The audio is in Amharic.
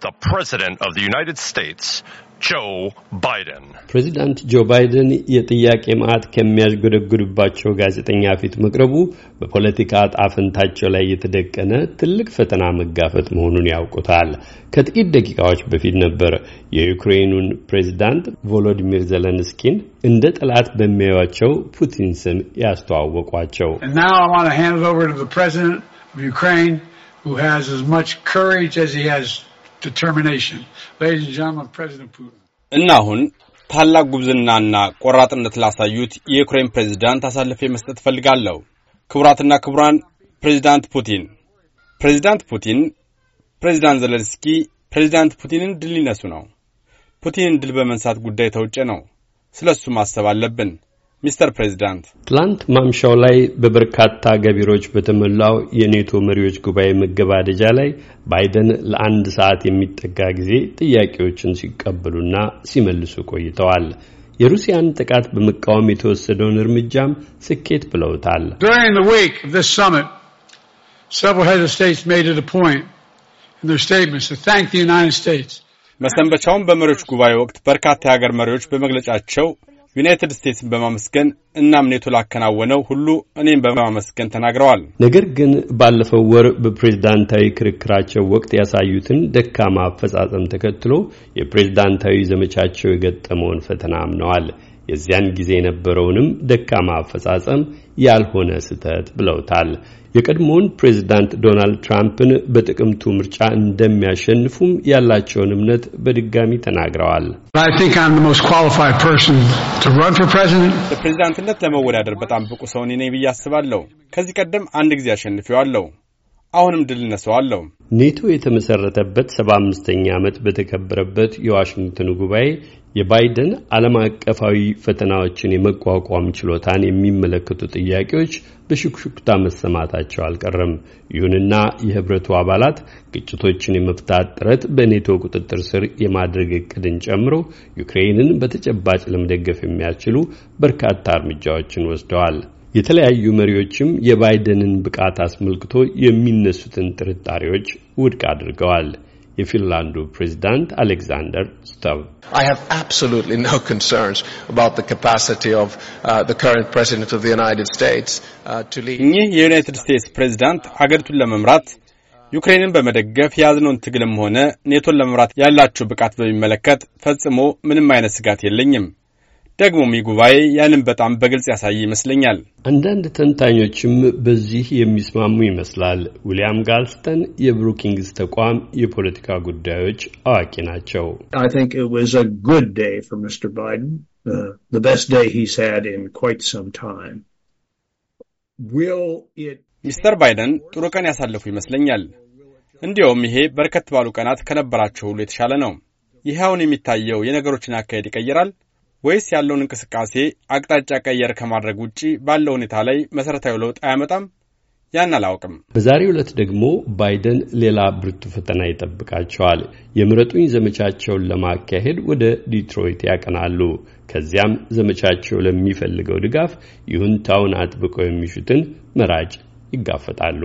the President of the United States, Joe Biden. ፕሬዚዳንት ጆ ባይደን የጥያቄ ማዕት ከሚያስጎደጉድባቸው ጋዜጠኛ ፊት መቅረቡ በፖለቲካ ጣፍንታቸው ላይ የተደቀነ ትልቅ ፈተና መጋፈጥ መሆኑን ያውቁታል። ከጥቂት ደቂቃዎች በፊት ነበር የዩክሬኑን ፕሬዚዳንት ቮሎዲሚር ዘለንስኪን እንደ ጠላት በሚያዩቸው ፑቲን ስም ያስተዋወቋቸው። ዩክሬን who has as much courage as he has እና አሁን ታላቅ ጉብዝናና ቆራጥነት ላሳዩት የዩክሬን ፕሬዚዳንት አሳልፌ መስጠት እፈልጋለሁ። ክቡራትና ክቡራን፣ ፕሬዚዳንት ፑቲን ፕሬዚዳንት ፑቲን ፕሬዚዳንት ዘለንስኪ ፕሬዚዳንት ፑቲንን ድል ሊነሱ ነው። ፑቲንን ድል በመንሳት ጉዳይ ተውጬ ነው። ስለ እሱ ማሰብ አለብን። ሚስተር ፕሬዚዳንት ትላንት ማምሻው ላይ በበርካታ ገቢሮች በተሞላው የኔቶ መሪዎች ጉባኤ መገባደጃ ላይ ባይደን ለአንድ ሰዓት የሚጠጋ ጊዜ ጥያቄዎችን ሲቀበሉና ሲመልሱ ቆይተዋል። የሩሲያን ጥቃት በመቃወም የተወሰደውን እርምጃም ስኬት ብለውታል። መሰንበቻውን በመሪዎች ጉባኤ ወቅት በርካታ የሀገር መሪዎች በመግለጫቸው ዩናይትድ ስቴትስን በማመስገን እናም ኔቶ ላከናወነው ሁሉ እኔም በማመስገን ተናግረዋል። ነገር ግን ባለፈው ወር በፕሬዝዳንታዊ ክርክራቸው ወቅት ያሳዩትን ደካማ አፈጻጸም ተከትሎ የፕሬዝዳንታዊ ዘመቻቸው የገጠመውን ፈተና አምነዋል። የዚያን ጊዜ የነበረውንም ደካማ አፈጻጸም ያልሆነ ስህተት ብለውታል። የቀድሞውን ፕሬዚዳንት ዶናልድ ትራምፕን በጥቅምቱ ምርጫ እንደሚያሸንፉም ያላቸውን እምነት በድጋሚ ተናግረዋል። ለፕሬዚዳንትነት ለመወዳደር በጣም ብቁ ሰው እኔ ነኝ ብዬ አስባለሁ። ከዚህ ቀደም አንድ ጊዜ አሸንፌዋለሁ። አሁንም ድል ነሰዋለሁ። ኔቶ የተመሰረተበት ሰባ አምስተኛ ዓመት በተከበረበት የዋሽንግተኑ ጉባኤ የባይደን ዓለም አቀፋዊ ፈተናዎችን የመቋቋም ችሎታን የሚመለከቱ ጥያቄዎች በሽኩሽኩታ መሰማታቸው አልቀረም። ይሁንና የህብረቱ አባላት ግጭቶችን የመፍታት ጥረት በኔቶ ቁጥጥር ስር የማድረግ እቅድን ጨምሮ ዩክሬንን በተጨባጭ ለመደገፍ የሚያስችሉ በርካታ እርምጃዎችን ወስደዋል። የተለያዩ መሪዎችም የባይደንን ብቃት አስመልክቶ የሚነሱትን ጥርጣሬዎች ውድቅ አድርገዋል። የፊንላንዱ ፕሬዚዳንት አሌክዛንደር ስታብ uh, uh, እኚህ የዩናይትድ ስቴትስ ፕሬዚዳንት ሀገሪቱን ለመምራት ዩክሬንን በመደገፍ የያዝነውን ትግልም ሆነ ኔቶን ለመምራት ያላቸው ብቃት በሚመለከት ፈጽሞ ምንም አይነት ስጋት የለኝም። ደግሞም ሚጉባኤ ጉባኤ ያንን በጣም በግልጽ ያሳይ ይመስለኛል። አንዳንድ ተንታኞችም በዚህ የሚስማሙ ይመስላል። ዊልያም ጋልስተን የብሩኪንግስ ተቋም የፖለቲካ ጉዳዮች አዋቂ ናቸው። ሚስተር ባይደን uh, ጥሩ ቀን ያሳለፉ ይመስለኛል። እንዲያውም ይሄ በርከት ባሉ ቀናት ከነበራቸው ሁሉ የተሻለ ነው። ይህ አሁን የሚታየው የነገሮችን አካሄድ ይቀይራል ወይስ ያለውን እንቅስቃሴ አቅጣጫ ቀየር ከማድረግ ውጭ ባለው ሁኔታ ላይ መሠረታዊ ለውጥ አያመጣም? ያን አላውቅም። በዛሬው ዕለት ደግሞ ባይደን ሌላ ብርቱ ፈተና ይጠብቃቸዋል። የምረጡኝ ዘመቻቸውን ለማካሄድ ወደ ዲትሮይት ያቀናሉ። ከዚያም ዘመቻቸው ለሚፈልገው ድጋፍ ይሁንታውን አጥብቀው የሚሹትን መራጭ ይጋፈጣሉ።